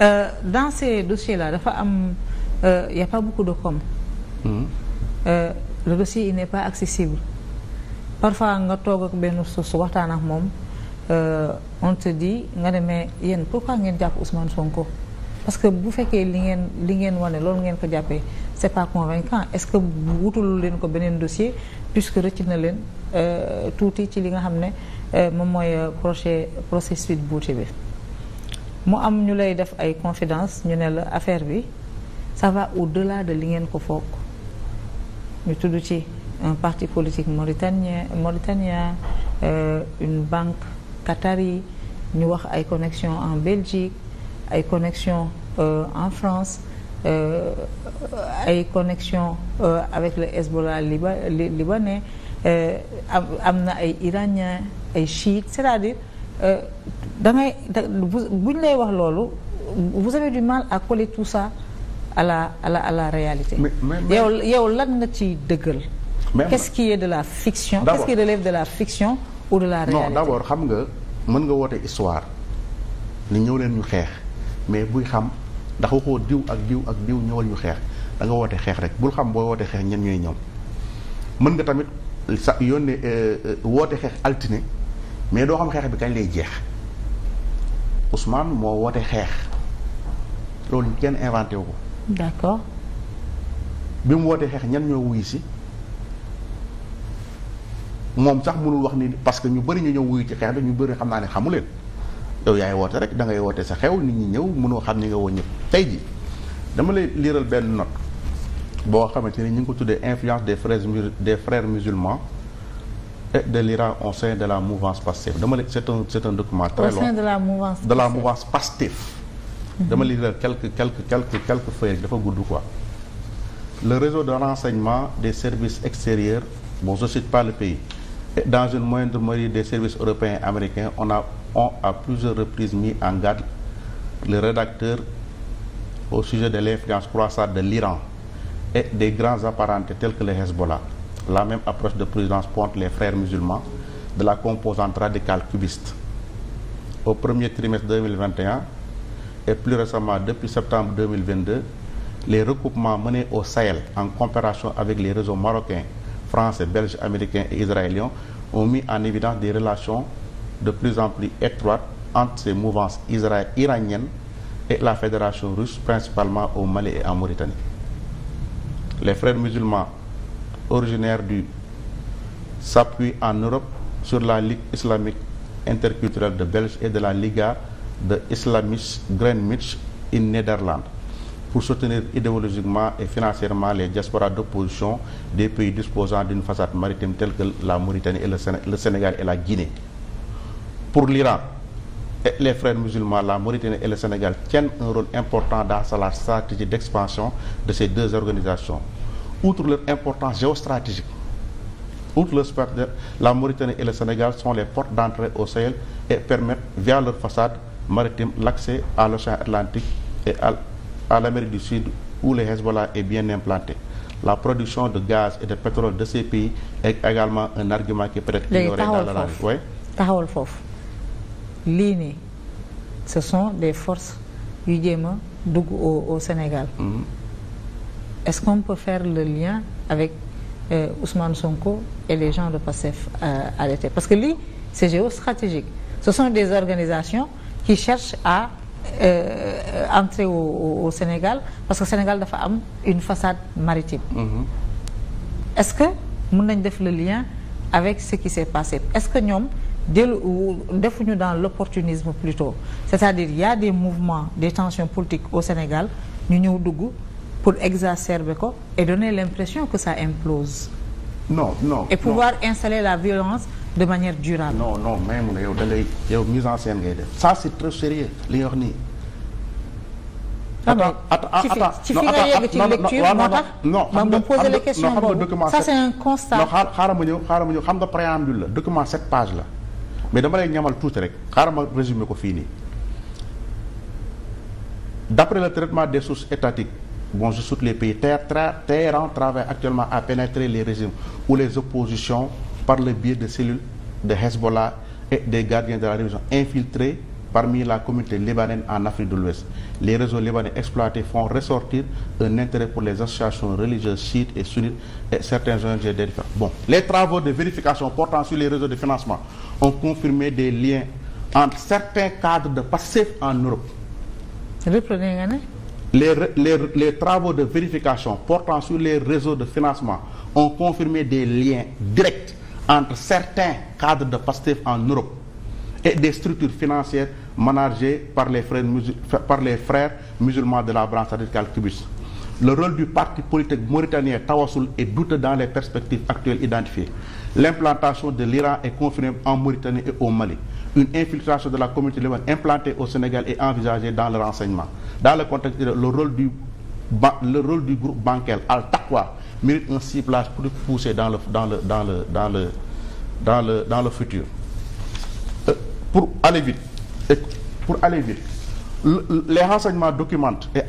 Euh, dans ces dossiers-là dafa am euh, y a pas beaucoup de com. Mm -hmm. euh, le dossier il n'est pas accessible parfois nga toog ak benn su waxtaan ak moom euh, on te dit nga ne mais yéen pourquoi ngeen jàpp Ousmane Sonko parce que bu fekkee li ngeen li ngeen wane loolu ngeen ko jàppee c'est pas convaincant est-ce que wutul leen ko beneen dossier puisque rëcc na leen euh, tuuti ci li nga xam ne euh, moom mooy procès procès Sweet bi. mu am ñu lay def ay confidence ñu ne la affaire bi ça va au-delà de li ngeen ko foog ñu tudd ci un parti politique mauritanien mauritanien euh, une banque qatari ñu wax ay connexion en Belgique ay connexion euh, en France euh, ay euh, connexion avec le Hezbollah libane libanais euh, am na ay iranien ay chiites cest Euh, da ngay bu ñu lay wax loolu vous avez du mal à coller tout ça à la à la à la réalité. yow yow lan nga ci dëggal. qu'est-ce qui de la fiction. qu'est-ce qui la fiction ou de la réalité. xam nga mën nga woote histoire ni ñëw leen ñu xeex mais buy xam ndax waxoo diw ak diw ak diw ñëwal ñu xeex da nga woote xeex rek bul xam booy woote xeex ñen ñooy ñoom mën nga tamit sax sa yónnee euh, euh, woote xeex altine. mais doo xam xeex bi kañ lay jeex Ousmane moo woote xeex loolu kenn inventé wu ko. d'accord. bi mu wootee xeex ñan ñoo wuyu si moom sax mënul wax ni parce que ñu bari ñu ñëw wuyu ci xeex bi ñu bëri xam naa ne xamu leen yow yaay woote rek da ngay woote sa xew nit ñi ñëw mënoo xam ni nga ñëpp tey ji dama lay liiral benn note boo xamante ne ñu ngi ko tuddee influence des frères des frères musulmans. et de l'IRA au sein de la mouvance PASTEF dama ne c'est un c'est un document très long au sein de la mouvance de la mouvance PASTEF dama lire quelques quelques quelques quelques feuilles dafa gudd quoi le réseau de renseignement des services extérieurs bon je cite par le pays et dans une moindre mesure des services européens et américains on a on à plusieurs reprises mis en garde le rédacteur au sujet de l'influence croissante de l'Iran et des grands apparentés tels que le Hezbollah la même approche de présidence pointe les frères musulmans de la composante radicale cubiste. Au premier trimestre 2021 et plus récemment depuis septembre 2022, les recoupements menés au Sahel en coopération avec les réseaux marocains, français, belges, américains et israéliens ont mis en évidence des relations de plus en plus étroites entre ces mouvances iraniennes et la fédération russe, principalement au Mali et en Mauritanie. Les frères musulmans originaire du s'appuie en Europe sur la Ligue islamique interculturelle de Belge et de la Liga de islamistes Greenwich in Netherlands pour soutenir idéologiquement et financièrement les diasporas d'opposition des pays disposant d'une façade maritime telle que la Mauritanie et le Sénégal et la Guinée. Pour l'Iran et les frères musulmans, la Mauritanie et le Sénégal tiennent un rôle important dans la stratégie d'expansion de ces deux organisations. outre leur importance géostratégique outre leur la Mauritanie et le Sénégal sont les portes d'entrée au Sahel et permettent via leur façade maritime l'accès à l'océan Atlantique et à, à l'Amérique du Sud où le Hezbollah est bien implanté la production de gaz et de pétrole de ces pays est également un argument qui peut être ignoré taxawal foofu lii nii ce sont des forces yu jéem a au Sénégal. Mm-hmm. Est-ce qu'on peut faire le lien avec euh, Ousmane Sonko et les gens de PASSEF euh, à l'été Parce que lui, c'est géostratégique. Ce sont des organisations qui cherchent à euh, entrer au, Sénégal parce que Sénégal dafa am une façade maritime. Mm Est-ce que mën nañ def le lien avec ce qui s'est passé est-ce que ñoom dellu defuñu dans l'opportunisme plutôt c'est-à-dire il y a des mouvements des tensions politiques au Sénégal ñu ñëw dugg pour exacerber ko e donner l'impression que ça implose. non non et pouvoir installer la violence de manière durable. non non même na yow da lay yow mise en scène ngay def ça c'est trop sérieux li nga wax nii. attends attends ci fi nga yegg ci lecture moo tax non xam nga document ça c'est un constat. non xaaral ma ñëw xaaral ma ñëw xam nga préambule la document sept pages la mais dama lay ñamal tuuti rek xaaral ma résumé ko fii nii d'après le traitement des sources étatiques. bon, je saute les pays. Téhéran travaille actuellement à pénétrer les régimes ou les oppositions par le biais de cellules de Hezbollah et des gardiens de la révolution infiltrés parmi la communauté libanaise en Afrique de l'Ouest. Les réseaux libanais exploités font ressortir un intérêt pour les associations religieuses chiites et sunnites et certains ONG les travaux de vérification portant sur les réseaux de financement ont confirmé des liens entre certains cadres de passifs en Europe. les, les, les travaux de vérification portant sur les réseaux de financement ont confirmé des liens directs entre certains cadres de PASTEF en Europe et des structures financières managées par les frères, musul... par les frères musulmans de la branche radicale cubiste. le rôle du parti politique mauritanien Tawassoul est douteux dans les perspectives actuelles identifiées. L'implantation de l'Iran est confirmée en Mauritanie et au Mali. Une infiltration de la communauté lébanaise implantée au Sénégal est envisagée dans le renseignement. Dans le contexte, le rôle du, le rôle du groupe bancaire Al-Taqwa mérite un ciblage plus poussé dans le, dans le, dans le, dans le, dans le, dans le futur. Euh, pour aller vite, pour aller vite, le, les renseignements documentent et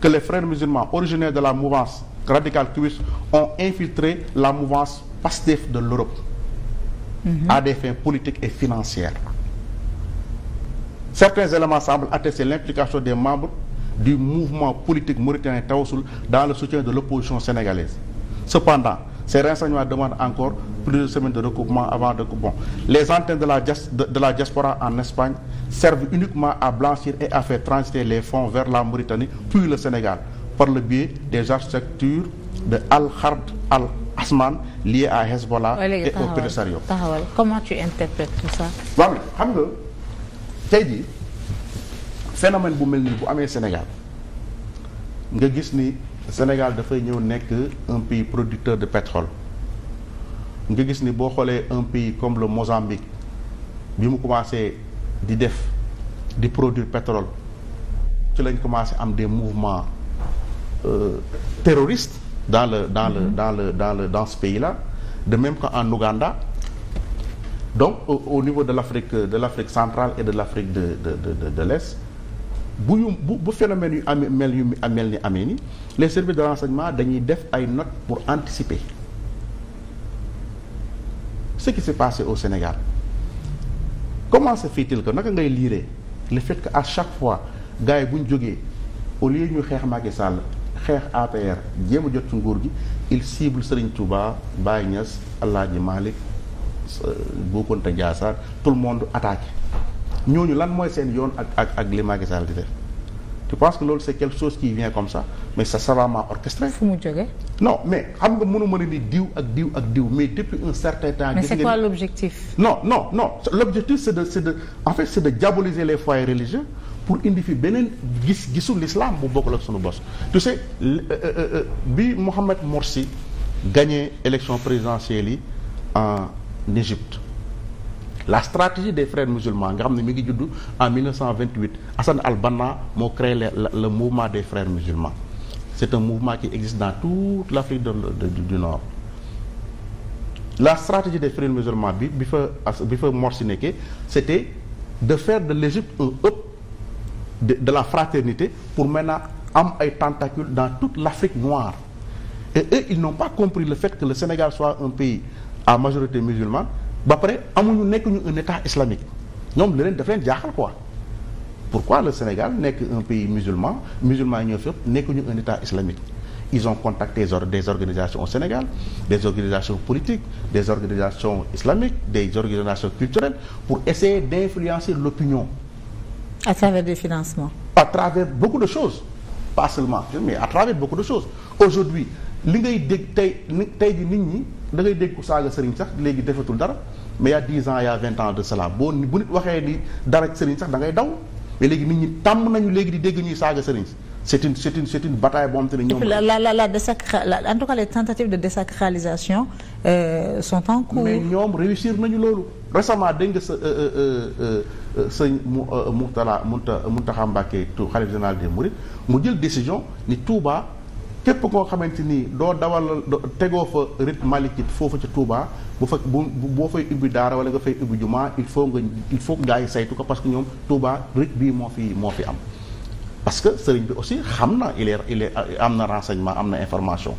que les frères musulmans originaires de la mouvance radicale cuiste ont infiltré la mouvance PASTEF de l'Europe mhm. à des fins politiques et financière Certains éléments semblent attester l'implication des membres du mouvement politique mauritanien Tawasul dans le soutien de l'opposition sénégalaise. Cependant, ces renseignements demandent encore plusieurs semaines de recoupement avant de bon les antennes de la de, de la en Espagne servent uniquement à blanchir et à faire transiter les fonds vers la Mauritanie puis le Sénégal par le biais des architectures de Al Harb Al Asman liées à Hezbollah ouais, et comment tu interprètes tout ça. waaw xam nga tey jii phénomène bu mel nii bu amee Sénégal nga gis ni Sénégal dafay ñëw nekk un pays producteur de pétrole. nga gis ni boo xoolee un pays comme le Mozambique bi mu commencé di def di produit pétrole ci lañ commencé am des mouvements euh, terroristes dans le dans le dans le dans le dans ce pays là de même qu'en Ouganda donc au, au niveau de l'Afrique de l'Afrique centrale et de l'Afrique de de de de, de l'Est bu ñu bu bu phénomène yu amee mel yu mel ni amee ni les services de renseignement dañuy def ay notes pour anticiper. ce qui s'est au Sénégal comment se ko il naka ngay liiree li fekk que chaque fois gars yi bu ñu jógee au lieu ñu xeex Macky xeex APR jéem a jot ci nguur gi il cible Serigne Touba Baye ñas El Hadji Malick Boukounta Ndiassane tout le monde attaqué ñooñu lan mooy seen yoon ak ak ak li Macky di def. je penses que loolu c'est quelque chose qui vient comme ça mais ça savamment orchestré. fu mu jógee. non mais xam nga mënu mën a ni diw ak diw ak diw mais depuis un certain temps. mais c'est quoi l'objectif non non non l'objectif c'est de c'est en fait c'est de diaboliser les foyers religieux pour indi fi beneen gis gisu l'islam bu bokkul ak sunu bos. tu sais euh, euh, euh, bi Mohamed Morsi gagné élection présidentielle yi en Égypte. la stratégie des frères musulmans nga xam ne mu ngi judd en 1928 Hassan al-Banna moo créé le, le, le mouvement des frères musulmans c'est un mouvement qui existe dans toute l'Afrique de, de, de, du Nord la stratégie des frères musulmans bi bi fa bi fa Morsi nekkee c'était de faire de l'Égypte un hub de de la fraternité pour maintenant am ay tentacules dans toute l'Afrique noire et eux ils n'ont pas compris le fait que le Sénégal soit un pays à majorité musulmane ba pare amuñu nekk ñu un état islamique ñoom leneen daf leen jaaxal quoi pourquoi le Sénégal nekk un pays musulman musulman ñoo fépp nekk ñu un état islamique ils ont contacté des organisations au Sénégal des organisations politiques des organisations islamiques des organisations culturelles pour essayer d'influencer l'opinion à travers des financement à travers beaucoup de choses pas seulement mais à travers beaucoup de choses aujourd'hui li ngay dégg tey tey ji nit ñi da ngay dégg ku saaga sëriñ sax léegi defatul dara mais y a 10 ans y a 20 ans de cela boo bu nit waxee ni dara sëriñ sax da ngay daw mais léegi nit ñi tàmm nañu léegi di dégg ñuy saaga sëriñ si c'est une c'est une c'est une bataille boo xam te ne ñoom. la la la la désacra en tout cas les tentatives de désacralisation euh, sont en cours. mais ñoom réussir nañu loolu. récemment dégg nga sa euh, euh, euh, sëñ mu mu mun Moutala Mountakha Mbacké tu xalif général des Mourides mu jël décision ni Touba. képp koo xamante ni doo dawal tegoo fa rit malikit foofu ca Touba bu fa bu boo fay ubbi daara wala nga fay ubbi jumaa il faut nga il faut gars yi saytu ko parce que ñoom Touba rit bii moo fi moo fi am. parce que sëriñ bi aussi xam na il est am na renseignement am na information.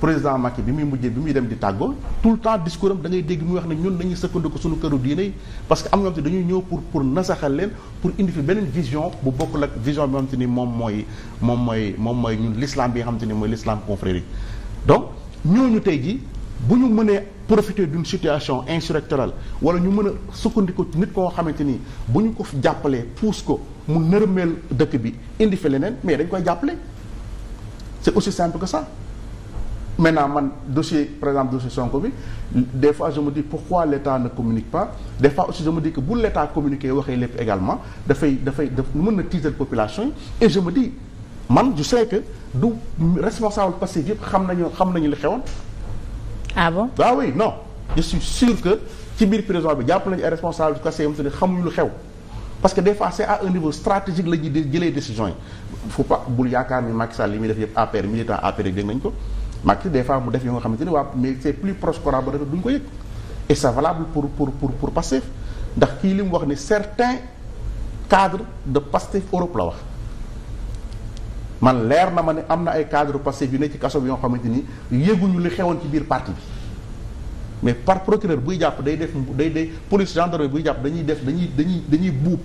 président Macky bi muy mujjee bi muy dem di tàggoo tout le temps discours am da ngay dégg muy wax ne ñun nañuy sëkkandiku suñu këru diine yi parce que am nga xam te dañuy ñëw pour pour nasaxal leen pour indi fi beneen vision bu bokkul ak vision bi nga te ni moom mooy moom mooy moom mooy ñun l'islam bi nga xam te ni mooy l'islam confrérique donc ñooñu tey jii bu ñu mënee profiter d'une situation insurrectionnelle wala ñu mën a sukkandiku nit koo xamante ni bu ñu ko jàppalee pousse ko mu nërmeel dëkk bi indi fi leneen mais dañ koy jàppale c'est aussi simple que ça maintenant man dossier par exemple dossier Sonko bi des fois je me dis pourquoi l'État ne communique pas des fois aussi je me dis que bu l'État communiquer waxee lépp également dafay dafay daf mën na tiital population yi et je man je sais que du responsable Pastef yëpp xam nañu xam nañu li xewoon. ah bon ah oui non je suis sûr que ci biir président bi jàpp nañu ay responsable Pastef yam te ne xamuñu lu xew parce que des fois c'est à un niveau stratégique la ñuy jëlee décision yi faut pas yaakaar ni Macky Sall li muy def yëpp APR militant APR ko. Macky des fois mu def yoo nga xamante ni waa mais c'est plus proche collaborateur duñ ko yëg et c'est valable pour pour pour pour Pastef ndax kii li mu wax ni certains cadre de Pastef Europe la wax man leer na ma ne am na ay cadres Pastef yu ne ci kaso bi yoo xamante ni yëguñu li xewoon ci biir parti bi mais par procureur buy jàpp day def day de police gendarmerie buy jàpp dañuy def dañuy dañuy dañuy buub